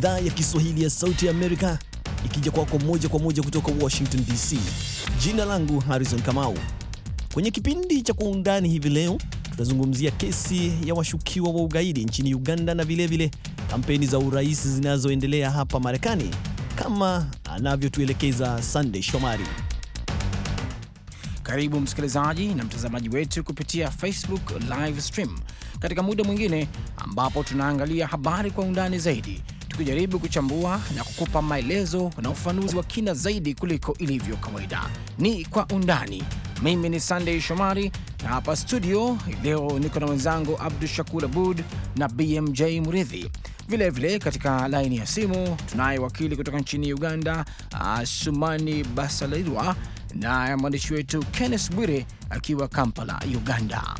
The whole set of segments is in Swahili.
idhaa ya Kiswahili ya Sauti ya Amerika ikija kwako moja kwa moja kutoka Washington DC. Jina langu Harrison Kamau. Kwenye kipindi cha Kwa Undani hivi leo tunazungumzia kesi ya washukiwa wa ugaidi nchini Uganda na vilevile kampeni za urais zinazoendelea hapa Marekani kama anavyotuelekeza sandey Shomari. Karibu msikilizaji na mtazamaji wetu kupitia Facebook live stream katika muda mwingine ambapo tunaangalia habari kwa undani zaidi tukijaribu kuchambua na kukupa maelezo na ufanuzi wa kina zaidi kuliko ilivyo kawaida. Ni kwa undani. Mimi ni sandey Shomari na hapa studio leo niko na wenzangu Abdu Shakur Abud na BMJ Muridhi. Vilevile katika laini ya simu tunaye wakili kutoka nchini Uganda, sumani Basalirwa na mwandishi wetu Kenneth Bwire akiwa Kampala, Uganda.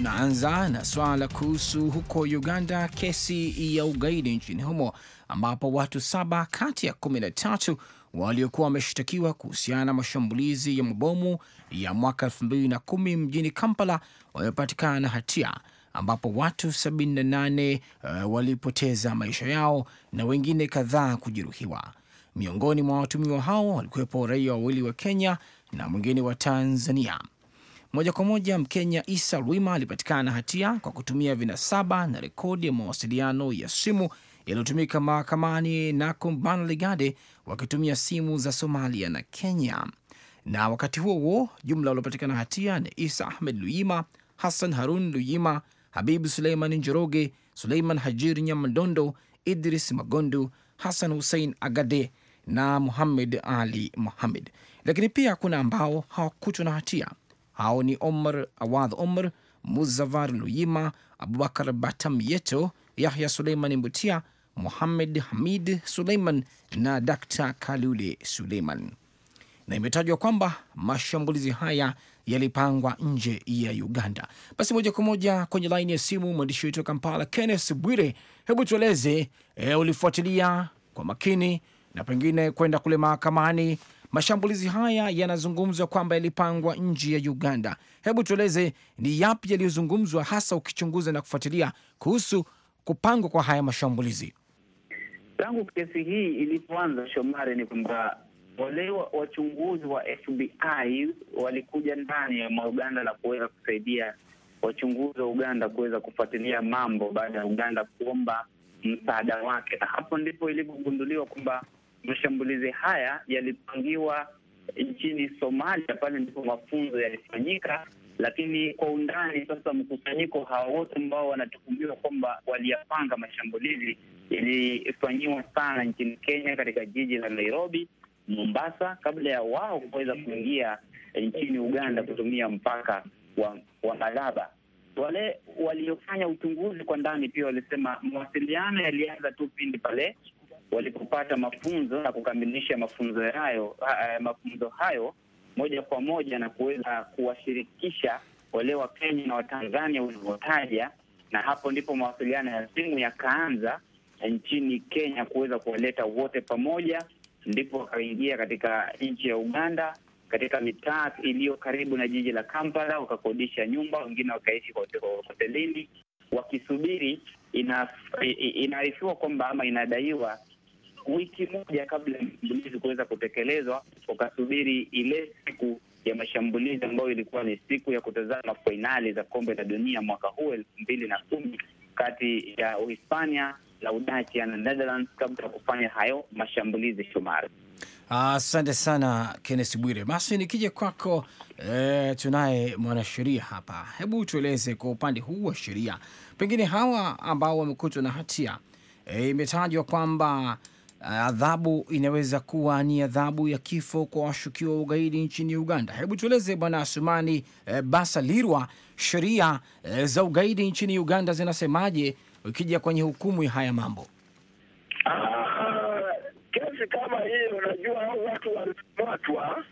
Tunaanza na swala kuhusu huko Uganda, kesi ya ugaidi nchini humo ambapo watu saba kati ya kumi na tatu waliokuwa wameshtakiwa kuhusiana na mashambulizi ya mabomu ya mwaka elfu mbili na kumi mjini Kampala wamepatikana na hatia ambapo watu 78 uh, walipoteza maisha yao na wengine kadhaa kujeruhiwa. Miongoni mwa watumiwa hao walikuwepo raia wawili wa Kenya na mwingine wa Tanzania. Moja kwa moja, Mkenya Isa Rwima alipatikana na hatia kwa kutumia vinasaba na rekodi ya mawasiliano ya simu yaliyotumika mahakamani na Kumban Ligade wakitumia simu za Somalia na Kenya. Na wakati huo huo, jumla waliopatikana hatia ni Isa Ahmed Luyima, Hassan Harun Luyima, Habibu Suleiman Njoroge, Suleiman Hajir Nyamadondo, Idris Magondu, Hassan Hussein Agade na Muhamed Ali Muhamed. Lakini pia kuna ambao hawakutwa na hatia hao ni Omar Awadh Omar, Muzavar Luyima, Abubakar yeto Yahya Suleiman Mbutia, Muhamed Hamid Suleiman na Dr Kalule Suleiman. Na imetajwa kwamba mashambulizi haya yalipangwa nje ya Uganda. Basi moja kwa moja kwenye laini ya simu mwandishi wetu wa Kampala, Kenneth Bwire, hebu tueleze e, ulifuatilia kwa makini na pengine kwenda kule mahakamani Mashambulizi haya yanazungumzwa kwamba yalipangwa nje ya Uganda. Hebu tueleze ni yapi yaliyozungumzwa hasa, ukichunguza na kufuatilia kuhusu kupangwa kwa haya mashambulizi. Tangu kesi hii ilipoanza, Shomari, ni kwamba wale wachunguzi wa FBI walikuja ndani ya Uganda na kuweza kusaidia wachunguzi wa Uganda kuweza kufuatilia mambo baada ya Uganda kuomba msaada wake, na hapo ndipo ilipogunduliwa kwamba mashambulizi haya yalipangiwa nchini Somalia, pale ndipo mafunzo yalifanyika. Lakini kwa undani sasa, mkusanyiko hawa wote ambao wanatuhumiwa kwamba waliyapanga mashambulizi yalifanyiwa sana nchini Kenya, katika jiji la Nairobi, Mombasa, kabla ya wao kuweza kuingia nchini Uganda kutumia mpaka wa, wa Malaba. Wale waliofanya uchunguzi kwa ndani pia walisema mawasiliano yalianza tu pindi pale walipopata mafunzo na kukamilisha mafunzo hayo, uh, mafunzo hayo moja kwa moja na kuweza kuwashirikisha wale kenya na Watanzania ulivyotaja, na hapo ndipo mawasiliano ya simu yakaanza nchini Kenya kuweza kuwaleta wote pamoja, ndipo wakaingia katika nchi ya Uganda katika mitaa iliyo karibu na jiji la Kampala, wakakodisha nyumba, wengine wakaishi hotelini wakisubiri. Inaarifiwa kwamba ama inadaiwa wiki moja kabla ya mashambulizi kuweza kutekelezwa, wakasubiri ile siku ya mashambulizi ambayo ilikuwa ni siku ya kutazama fainali za kombe la dunia mwaka huu elfu mbili na kumi kati ya Uhispania na Udachia na Netherlands kabla ya kufanya hayo mashambulizi Shomari. Asante ah, sana kennes Bwire. Basi nikija kwako, eh, tunaye mwanasheria hapa. Hebu tueleze kwa upande huu wa sheria, pengine hawa ambao wamekutwa na hatia eh, imetajwa eh, kwamba Eh, adhabu inaweza kuwa ni adhabu ya kifo kwa washukiwa wa ugaidi nchini Uganda. Hebu tueleze Bwana Asumani e, eh, Basalirwa, sheria e, za ugaidi nchini Uganda zinasemaje ukija kwenye hukumu ya haya mambo? Ah, kesi kama hii, unajua watu walikamatwa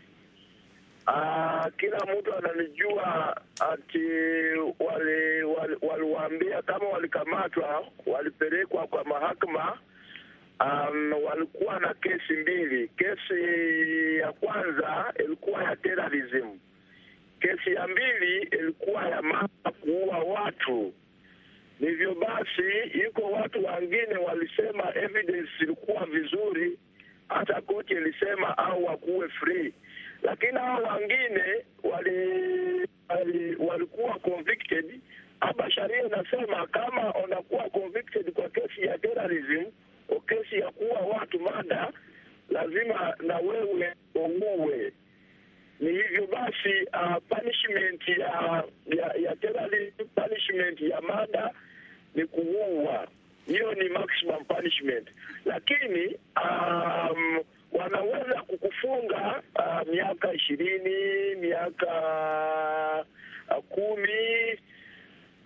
ah, kila mtu analijua ati waliwaambia wali, wali kama walikamatwa walipelekwa kwa mahakama Um, walikuwa na kesi mbili. Kesi ya kwanza ilikuwa ya terrorism, kesi ya mbili ilikuwa ya mama kuua watu. Hivyo basi, iko watu wengine walisema evidence ilikuwa vizuri, hata koti ilisema au wakuwe free, lakini hao wengine walikuwa wali, walikuwa convicted. Hapa sharia inasema kama unakuwa convicted kwa kesi ya terrorism kesi ya kuwa watu, mada lazima na wewe uue. Ni hivyo basi, uh, punishment ya ya, ya terrorism punishment ya mada ni kuua, hiyo ni maximum punishment, lakini um, wanaweza kukufunga uh, miaka ishirini miaka uh, kumi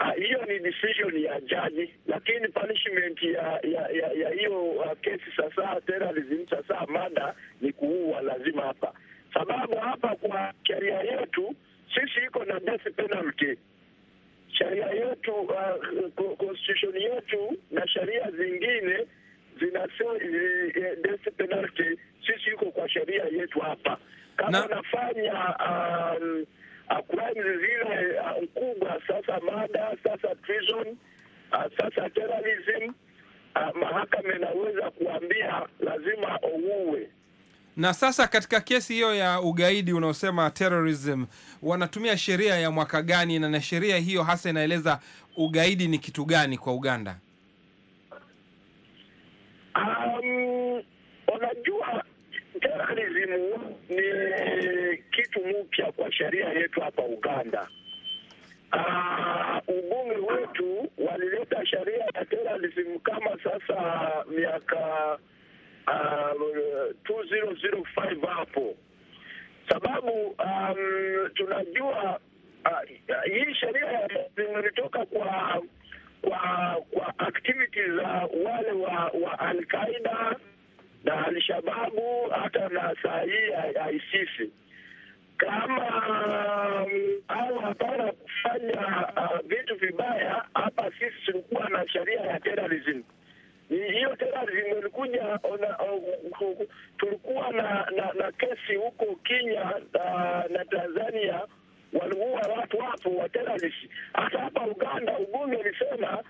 Ah, hiyo ni decision ya jaji, lakini punishment ya ya hiyo uh, kesi sasa terrorism, sasa mada ni kuua lazima hapa, sababu hapa kwa sheria yetu sisi iko na death penalty sheria yetu uh, constitution yetu na sheria zingine zinasema eh, eh, death penalty, sisi iko kwa sheria yetu hapa kama na, nafanya um, akuai zile uh, eh, kubwa sasa, mada sasa treason, ah, sasa terrorism ah, mahakama inaweza kuambia lazima ouwe. Na sasa katika kesi hiyo ya ugaidi unaosema terrorism, wanatumia sheria ya mwaka gani? Na na sheria hiyo hasa inaeleza ugaidi ni kitu gani kwa Uganda? Ah, kitu mpya kwa sheria yetu hapa Uganda. Uh, ubunge wetu walileta sheria ya terrorism kama sasa miaka uh, um, 2005 hapo, sababu um, tunajua uh, hii sheria ilitoka kwa kwa kwa activities za uh, wale wa, wa Al-Qaeda na Al-Shababu hata na saa hii ISIS kama um, au hapana kufanya uh, vitu vibaya. Hapa sisi tulikuwa na sheria ya terrorism. Hiyo terrorism ilikuja, uh, tulikuwa na na kesi huko Kenya uh, na Tanzania, waliua watu hapo wa terrorist. Hata hapa Uganda ubunge ulisema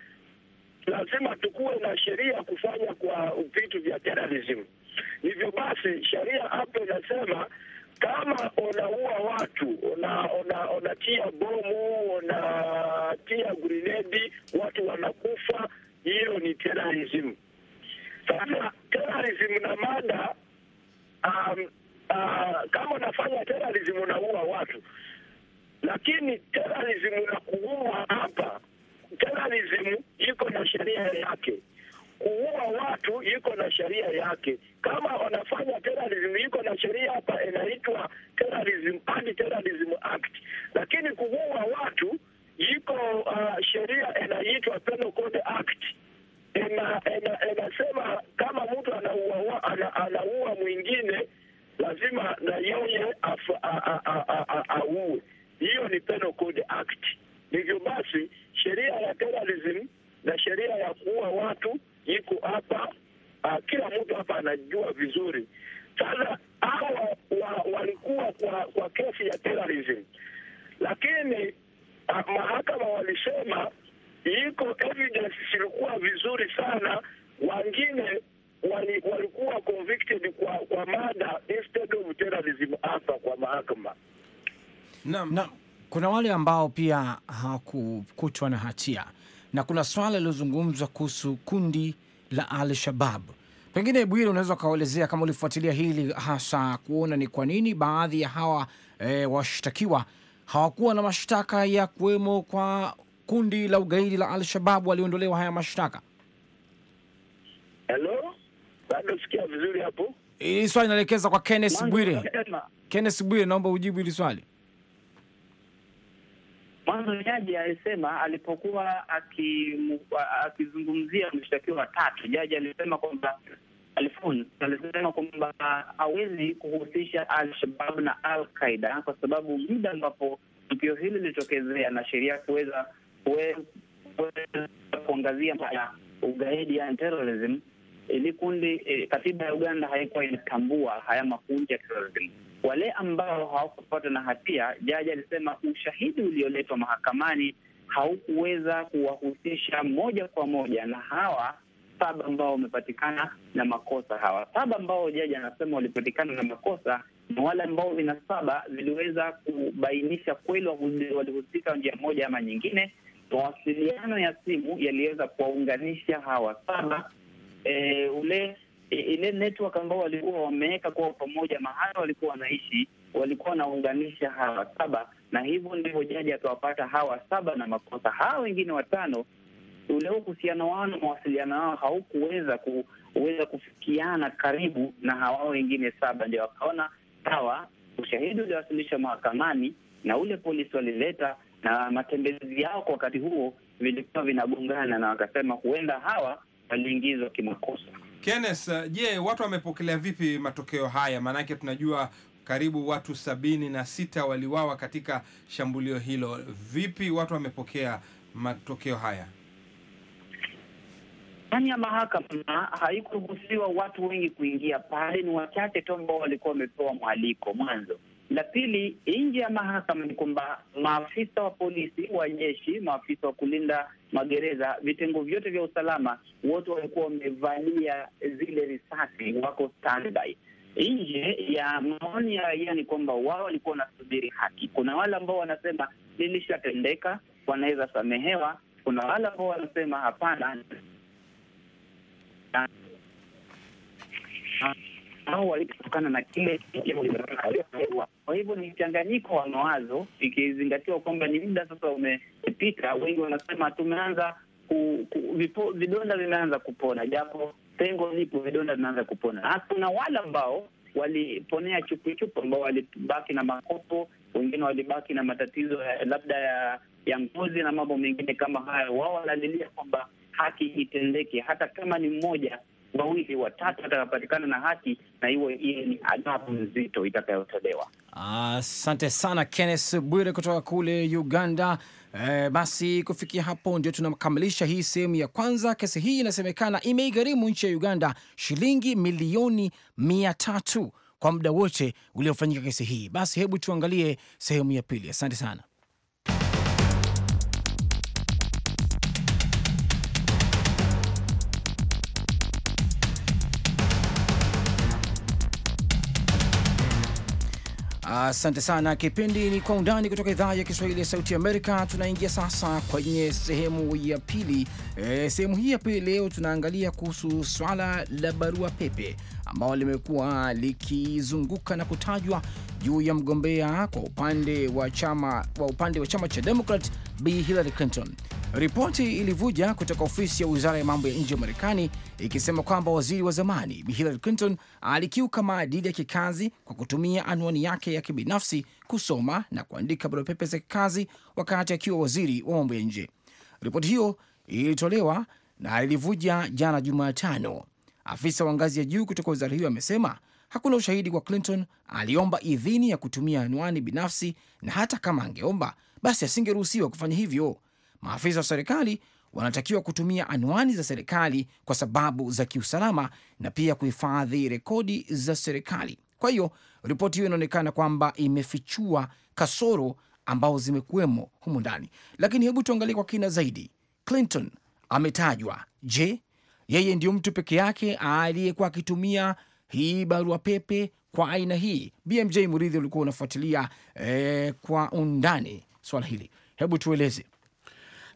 lazima tukuwe na sheria kufanya kwa vitu vya terrorism. Hivyo basi sheria hapo inasema kama unaua watu, unatia bomu, unatia grinedi, watu wanakufa, hiyo ni terrorism. Sasa terrorism na mada um, uh, kama unafanya terrorism unaua watu, lakini terrorism na kuua hapa, terrorism iko na sheria yake kuua watu iko na sheria yake. Kama wanafanya terrorism, iko na sheria hapa inaitwa Terrorism Terrorism Act, lakini kuua watu pia hawakukutwa na hatia, na kuna swala lilozungumzwa kuhusu kundi la Al Shabab. Pengine Bwire, unaweza ukawaelezea kama ulifuatilia hili hasa kuona ni kwa nini baadhi ya hawa e, washtakiwa hawakuwa na mashtaka ya kuwemo kwa kundi la ugaidi la Al-Shabab, waliondolewa haya mashtaka. Hello? Bado sikia vizuri hapo? swali inaelekeza kwa Kenneth Bwire. Kenneth Bwire, naomba ujibu hili swali mwanzo jaji alisema alipokuwa akizungumzia mshtakiwa watatu, jaji alisema kwamba Alfons alisema kwamba hawezi kuhusisha Al-Shabab na Al-Qaida kwa sababu muda ambapo tukio hili lilitokezea na sheria kuweza kuangazia maya ugaidi, ya terrorism, ili kundi eh, katiba ya Uganda haikuwa inatambua haya makundi ya terrorism wale ambao hawakupatwa na hatia, jaji alisema ushahidi ulioletwa mahakamani haukuweza kuwahusisha moja kwa moja na hawa saba ambao wamepatikana na makosa. Hawa saba ambao jaji anasema walipatikana na makosa ni wale ambao vina saba viliweza kubainisha kweli walihusika njia moja ama nyingine. Mawasiliano ya simu yaliweza kuwaunganisha hawa saba. E, ule E, ile network ambao walikuwa wameweka kwa pamoja mahali walikuwa wanaishi, walikuwa wanaunganisha hawa saba, na hivyo ndivyo jaji akawapata hawa saba na makosa. Hawa wengine watano, ule uhusiano wao na mawasiliano wao haukuweza kuweza kufikiana karibu na hawa wengine saba, ndio wakaona sawa, ushahidi uliowasilishwa mahakamani na ule polisi walileta na matembezi yao kwa wakati huo vilikuwa vinagongana, na wakasema huenda hawa waliingizwa kimakosa. Kenneth, uh, je, watu wamepokelea vipi matokeo haya? Maanake tunajua karibu watu sabini na sita waliwawa katika shambulio hilo. Vipi watu wamepokea matokeo haya? Ndani ya mahakama haikuruhusiwa watu wengi kuingia pale, ni wachache tu ambao walikuwa wamepewa mwaliko mwanzo la pili, nje ya mahakama ni kwamba maafisa wa polisi, wa jeshi, maafisa wa kulinda magereza, vitengo vyote vya usalama, wote walikuwa wamevalia zile risasi, wako standby. Nje ya maoni ya raia ni kwamba wao walikuwa wanasubiri haki. Kuna wale ambao wanasema lilishatendeka, wanaweza samehewa. Kuna wale ambao wanasema hapana au walipotokana na kile Kwa hivyo ni mchanganyiko wa mawazo, ikizingatiwa kwamba ni muda sasa umepita. Wengi wanasema tumeanza ku, ku, vipo, vidonda vimeanza kupona, japo pengo lipo, vidonda vimeanza kupona, Na kuna wale ambao waliponea chupuchupu, ambao walibaki na makopo, wengine walibaki na matatizo labda ya ya ngozi na mambo mengine kama hayo. Wao wanalilia kwamba haki itendeke, hata kama ni mmoja wawili watatu watakapatikana na haki, na hiyo iye ni adhabu nzito itakayotolewa. Asante ah, sana Kenneth Bwire kutoka kule Uganda. Eh, basi kufikia hapo ndio tunakamilisha hii sehemu ya kwanza. Kesi hii inasemekana imeigharimu nchi ya Uganda shilingi milioni mia tatu kwa muda wote uliofanyika kesi hii. Basi hebu tuangalie sehemu ya pili. Asante sana. Asante sana. Kipindi ni Kwa Undani kutoka idhaa ya Kiswahili ya Sauti Amerika. Tunaingia sasa kwenye sehemu ya pili. E, sehemu hii ya pili leo tunaangalia kuhusu swala la barua pepe ambao limekuwa likizunguka na kutajwa juu ya mgombea kwa upande wa chama, wa upande wa chama cha demokrat Bi Hillary Clinton Ripoti ilivuja kutoka ofisi ya wizara ya mambo ya nje ya Marekani ikisema kwamba waziri wa zamani Bi Hillary Clinton alikiuka maadili ya kikazi kwa kutumia anwani yake ya kibinafsi kusoma na kuandika barua pepe za kikazi wakati akiwa waziri wa mambo ya nje. Ripoti hiyo ilitolewa na ilivuja jana Jumatano. Afisa wa ngazi ya juu kutoka wizara hiyo amesema hakuna ushahidi kwa Clinton aliomba idhini ya kutumia anwani binafsi, na hata kama angeomba basi asingeruhusiwa kufanya hivyo maafisa wa serikali wanatakiwa kutumia anwani za serikali kwa sababu za kiusalama na pia kuhifadhi rekodi za serikali. Kwa hiyo ripoti hiyo inaonekana kwamba imefichua kasoro ambao zimekuwemo humu ndani, lakini hebu tuangalie kwa kina zaidi. Clinton ametajwa. Je, yeye ndio mtu peke yake aliyekuwa akitumia hii barua pepe kwa aina hii? BMJ Muridhi, ulikuwa unafuatilia eh, kwa undani swala hili, hebu tueleze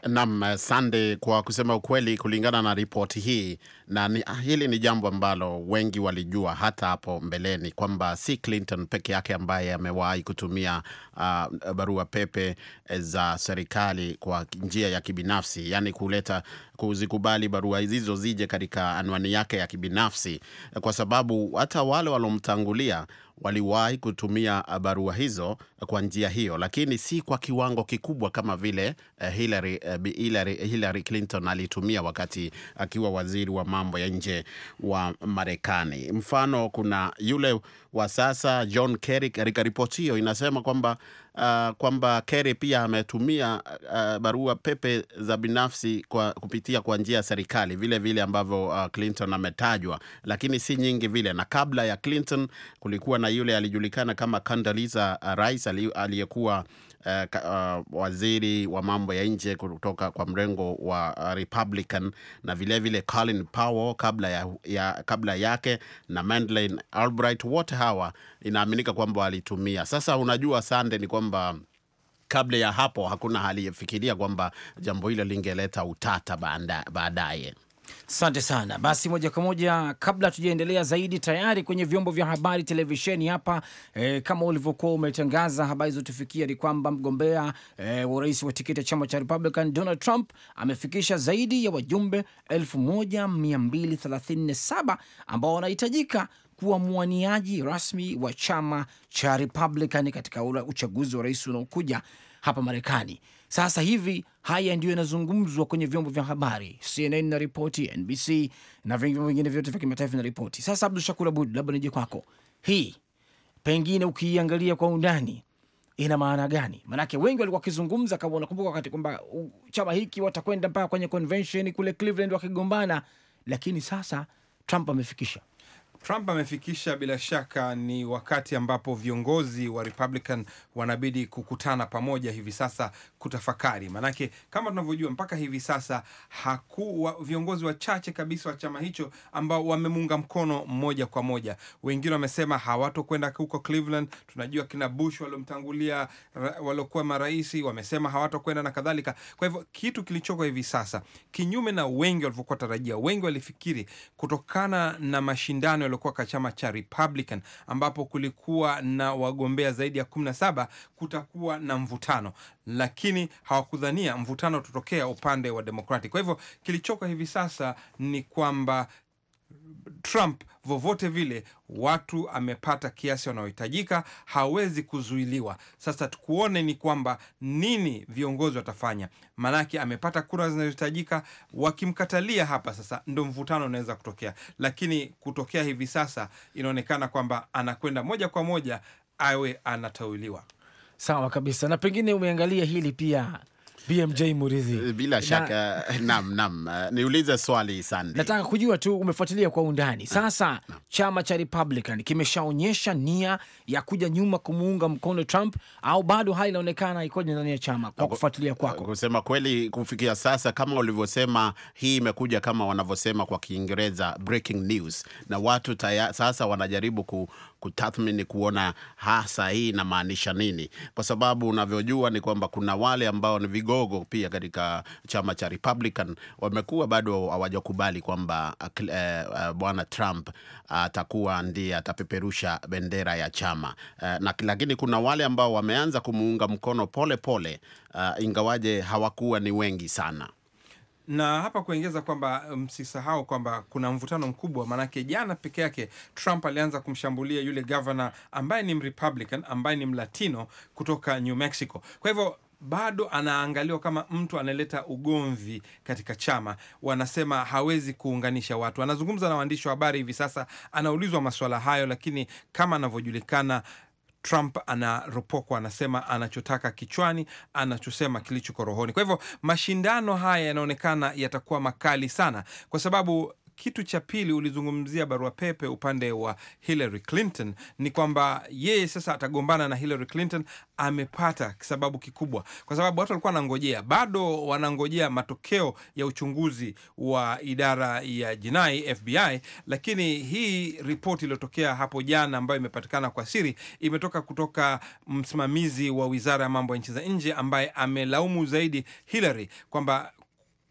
nam Sande, kwa kusema ukweli, kulingana na ripoti hii na ni, ah, hili ni jambo ambalo wengi walijua hata hapo mbeleni kwamba si Clinton peke yake ambaye amewahi kutumia uh, barua pepe eh, za serikali kwa njia ya kibinafsi, yaani kuleta kuzikubali barua hizo zije katika anwani yake ya kibinafsi, kwa sababu hata wale walomtangulia waliwahi kutumia eh, barua hizo kwa njia hiyo, lakini si kwa kiwango kikubwa kama vile eh, Hillary, eh, Hillary, Hillary Clinton alitumia wakati akiwa waziri wa mambo ya nje wa Marekani. Mfano, kuna yule wa sasa John Kerry, katika ripoti hiyo inasema kwamba uh, kwamba Kerry pia ametumia uh, uh, barua pepe za binafsi kwa kupitia kwa njia ya serikali vile vile ambavyo uh, Clinton ametajwa, lakini si nyingi vile. Na kabla ya Clinton kulikuwa na yule alijulikana kama Condoleezza Rice aliyekuwa ali uh, uh, waziri wa mambo ya nje kutoka kwa mrengo wa eh, Republican na vilevile vile Colin Powell kabla, ya, ya, kabla yake na Madeleine Albright, wote hawa inaaminika kwamba walitumia. Sasa unajua Sande, ni kwamba kabla ya hapo hakuna aliyefikiria kwamba jambo hilo lingeleta utata baadaye. Asante sana. Basi moja kwa moja, kabla tujaendelea zaidi, tayari kwenye vyombo vya habari televisheni hapa e, kama ulivyokuwa umetangaza, habari zotufikia ni kwamba mgombea e, wa urais wa tiketi ya chama cha Republican Donald Trump amefikisha zaidi ya wajumbe 1237 ambao wanahitajika kuwa mwaniaji rasmi wa chama cha Republican katika uchaguzi wa rais unaokuja hapa Marekani. Sasa hivi haya ndiyo yanazungumzwa kwenye vyombo vya habari, CNN na ripoti, NBC na vyombo vingine vyote vya kimataifa na ripoti. Sasa Abdu Shakur Abud, labda nije kwako, hii pengine ukiiangalia kwa undani ina maana gani? Maanake wengi walikuwa wakizungumza, kama unakumbuka, wakati kwamba chama hiki watakwenda mpaka kwenye convention kule Cleveland wakigombana, lakini sasa Trump amefikisha Trump amefikisha bila shaka ni wakati ambapo viongozi wa Republican wanabidi kukutana pamoja hivi sasa kutafakari, maanake kama tunavyojua mpaka hivi sasa hakuwa viongozi wachache kabisa wa chama hicho ambao wamemuunga mkono moja kwa moja. Wengine wamesema hawatokwenda huko Cleveland. Tunajua kina Bush waliomtangulia, waliokuwa marais wamesema hawatokwenda na kadhalika. Kwa hivyo kitu kilichoko hivi sasa, kinyume na wengi walivyokuwa tarajia, wengi walifikiri kutokana na mashindano waliokuwa kwa chama cha Republican ambapo kulikuwa na wagombea zaidi ya 17, kutakuwa na mvutano, lakini hawakudhania mvutano utatokea upande wa Demokrati. Kwa hivyo kilichoko hivi sasa ni kwamba Trump vovote vile watu amepata kiasi wanaohitajika, hawezi kuzuiliwa. Sasa tukuone ni kwamba nini viongozi watafanya, maanake amepata kura zinazohitajika. Wakimkatalia hapa sasa, ndo mvutano unaweza kutokea, lakini kutokea hivi sasa inaonekana kwamba anakwenda moja kwa moja awe anatauliwa. Sawa kabisa, na pengine umeangalia hili pia BMJ Muridhi, eh, bila shaka nam nam, eh, niulize swali Sandy. Nataka kujua tu umefuatilia kwa undani sasa na, na. Chama cha Republican kimeshaonyesha nia ya kuja nyuma kumuunga mkono Trump au bado hali inaonekana ikoje ndani ya chama kwa kufuatilia kwako? Kusema kweli, kufikia sasa kama ulivyosema, hii imekuja kama wanavyosema kwa Kiingereza breaking news, na watu taya, sasa wanajaribu ku kutathmini kuona hasa hii inamaanisha nini, kwa sababu unavyojua ni kwamba kuna wale ambao ni vigo kidogo pia katika chama cha Republican wamekuwa bado hawajakubali kwamba uh, uh, uh bwana Trump atakuwa uh, ndiye atapeperusha bendera ya chama uh, na lakini kuna wale ambao wameanza kumuunga mkono pole pole uh, ingawaje hawakuwa ni wengi sana na hapa kuongeza kwamba um, msisahau kwamba kuna mvutano mkubwa, maanake jana peke yake Trump alianza kumshambulia yule gavana ambaye ni Mrepublican, ambaye ni Mlatino kutoka New Mexico. Kwa hivyo bado anaangaliwa kama mtu analeta ugomvi katika chama. Wanasema hawezi kuunganisha watu. Anazungumza na waandishi wa habari hivi sasa, anaulizwa maswala hayo, lakini kama anavyojulikana Trump anaropokwa, anasema anachotaka kichwani, anachosema kilichoko rohoni. Kwa hivyo mashindano haya yanaonekana yatakuwa makali sana, kwa sababu kitu cha pili ulizungumzia barua pepe upande wa Hillary Clinton, ni kwamba yeye sasa atagombana na Hillary Clinton. Amepata sababu kikubwa, kwa sababu watu walikuwa wanangojea, bado wanangojea matokeo ya uchunguzi wa idara ya jinai FBI, lakini hii ripoti iliyotokea hapo jana ambayo imepatikana kwa siri imetoka kutoka msimamizi wa wizara ya mambo ya nchi za nje ambaye amelaumu zaidi Hillary kwamba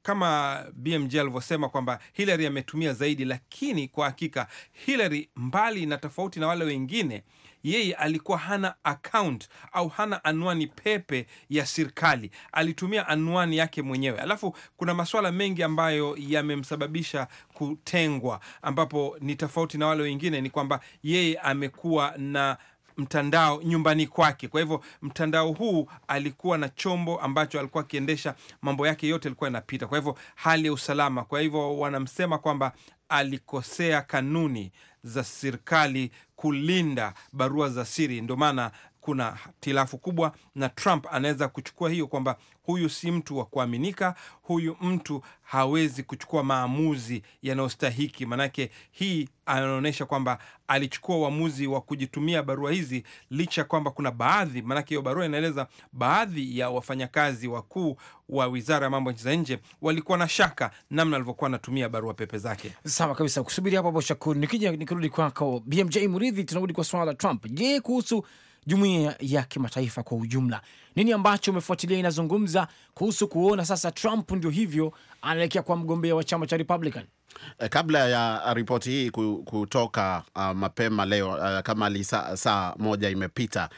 kama BMJ alivyosema kwamba Hillary ametumia zaidi, lakini kwa hakika Hillary, mbali na tofauti na wale wengine, yeye alikuwa hana account au hana anwani pepe ya serikali, alitumia anwani yake mwenyewe. Alafu kuna masuala mengi ambayo yamemsababisha kutengwa, ambapo ni tofauti na wale wengine, ni kwamba yeye amekuwa na mtandao nyumbani kwake. Kwa hivyo mtandao huu alikuwa na chombo ambacho alikuwa akiendesha mambo yake yote, alikuwa yanapita. Kwa hivyo hali ya usalama, kwa hivyo wanamsema kwamba alikosea kanuni za serikali kulinda barua za siri, ndio maana kuna hitilafu kubwa, na Trump anaweza kuchukua hiyo kwamba huyu si mtu wa kuaminika, huyu mtu hawezi kuchukua maamuzi yanayostahiki. maanake hii anaonyesha kwamba alichukua uamuzi wa kujitumia barua hizi, licha ya kwamba kuna baadhi, maanake hiyo barua inaeleza baadhi ya wafanyakazi wakuu wa wizara ya mambo ya nchi za nje walikuwa na shaka namna alivyokuwa anatumia barua pepe zake. Sawa kabisa, kusubiri hapo hapo Shakuru. Nikija nikirudi kwako BMJ Muridhi, tunarudi kwa swala la Trump. Je, kuhusu jumuiya ya kimataifa kwa ujumla. Nini ambacho umefuatilia inazungumza kuhusu kuona sasa Trump ndio hivyo anaelekea kwa mgombea wa chama cha Republican? Eh, kabla ya ripoti hii kutoka uh, mapema leo uh, kama saa moja imepita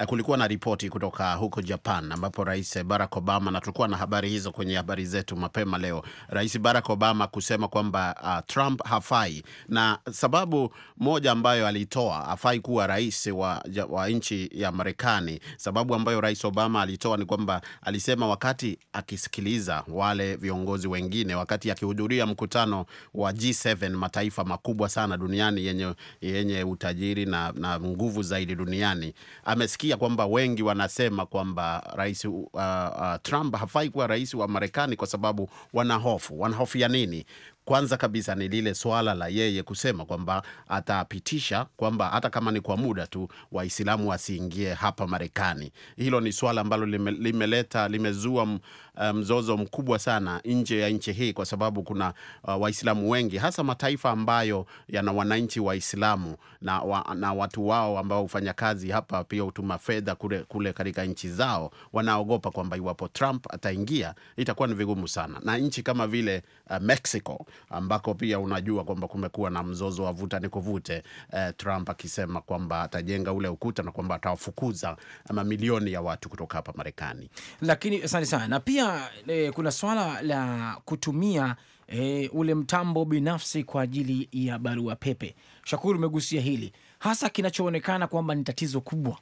Eh, kulikuwa na ripoti kutoka huko Japan ambapo Rais Barack Obama, na tulikuwa na habari hizo kwenye habari zetu mapema leo, Rais Barack Obama kusema kwamba uh, Trump hafai, na sababu moja ambayo alitoa hafai kuwa rais wa, wa nchi ya Marekani. Sababu ambayo Rais Obama alitoa ni kwamba alisema wakati akisikiliza wale viongozi wengine, wakati akihudhuria mkutano wa G7, mataifa makubwa sana duniani yenye, yenye utajiri na, na nguvu zaidi duniani amesikia nasikia kwamba wengi wanasema kwamba rais uh, uh, Trump hafai kuwa rais wa Marekani kwa sababu wanahofu. Wanahofia nini? Kwanza kabisa ni lile swala la yeye kusema kwamba atapitisha kwamba hata kama ni kwa muda tu Waislamu wasiingie hapa Marekani. Hilo ni swala ambalo lime, limeleta limezua Eh, mzozo mkubwa sana nje ya nchi hii, kwa sababu kuna uh, Waislamu wengi hasa mataifa ambayo yana wananchi Waislamu na, wa, na watu wao ambao hufanya kazi hapa pia hutuma fedha kule, kule katika nchi zao. Wanaogopa kwamba iwapo Trump ataingia itakuwa ni vigumu sana, na nchi kama vile uh, Mexico ambako pia unajua kwamba kumekuwa na mzozo wa vuta ni kuvute uh, Trump akisema kwamba atajenga ule ukuta na kwamba atawafukuza mamilioni ya watu kutoka hapa Marekani. Lakini asante sana na pia e, kuna swala la kutumia e, ule mtambo binafsi kwa ajili ya barua pepe. Shakuru, umegusia hili hasa, kinachoonekana kwamba ni tatizo kubwa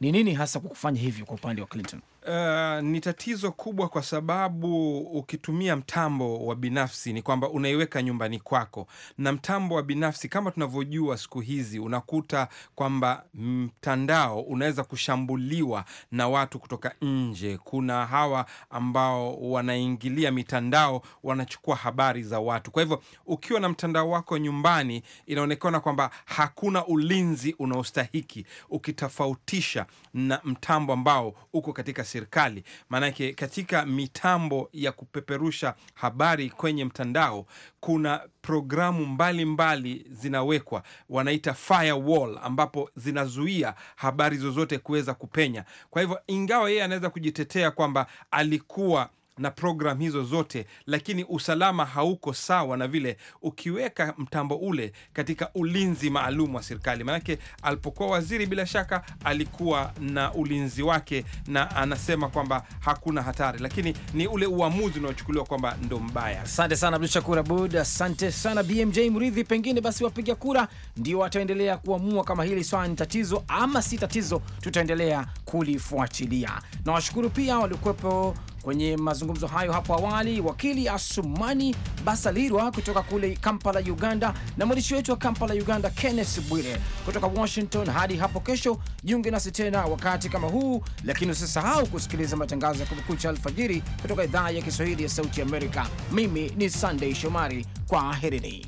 ni nini hasa kwa kufanya hivyo kwa upande wa Clinton? Uh, ni tatizo kubwa kwa sababu ukitumia mtambo wa binafsi ni kwamba unaiweka nyumbani kwako, na mtambo wa binafsi kama tunavyojua siku hizi unakuta kwamba mtandao unaweza kushambuliwa na watu kutoka nje. Kuna hawa ambao wanaingilia mitandao, wanachukua habari za watu. Kwa hivyo ukiwa na mtandao wako nyumbani, inaonekana kwamba hakuna ulinzi unaostahiki ukitofautisha na mtambo ambao uko katika serikali. Maanake katika mitambo ya kupeperusha habari kwenye mtandao kuna programu mbalimbali mbali zinawekwa, wanaita firewall, ambapo zinazuia habari zozote kuweza kupenya. Kwa hivyo, ingawa yeye anaweza kujitetea kwamba alikuwa na program hizo zote, lakini usalama hauko sawa na vile ukiweka mtambo ule katika ulinzi maalum wa serikali. Maanake alipokuwa waziri, bila shaka alikuwa na ulinzi wake, na anasema kwamba hakuna hatari, lakini ni ule uamuzi unaochukuliwa kwamba ndo mbaya. Asante sana Abdu Shakur Abud, asante sana BMJ Mridhi. Pengine basi wapiga kura ndio wataendelea kuamua kama hili swala ni tatizo ama si tatizo, tutaendelea kulifuatilia. Nawashukuru pia waliokuwepo Kwenye mazungumzo hayo hapo awali, wakili Asumani Basalirwa kutoka kule Kampala, Uganda, na mwandishi wetu wa Kampala, Uganda, Kenneth Bwire kutoka Washington. Hadi hapo kesho, jiunge nasi tena wakati kama huu, lakini usisahau kusikiliza matangazo ya Kumekucha alfajiri kutoka idhaa ya Kiswahili ya Sauti Amerika. Mimi ni sandey Shomari, kwa herini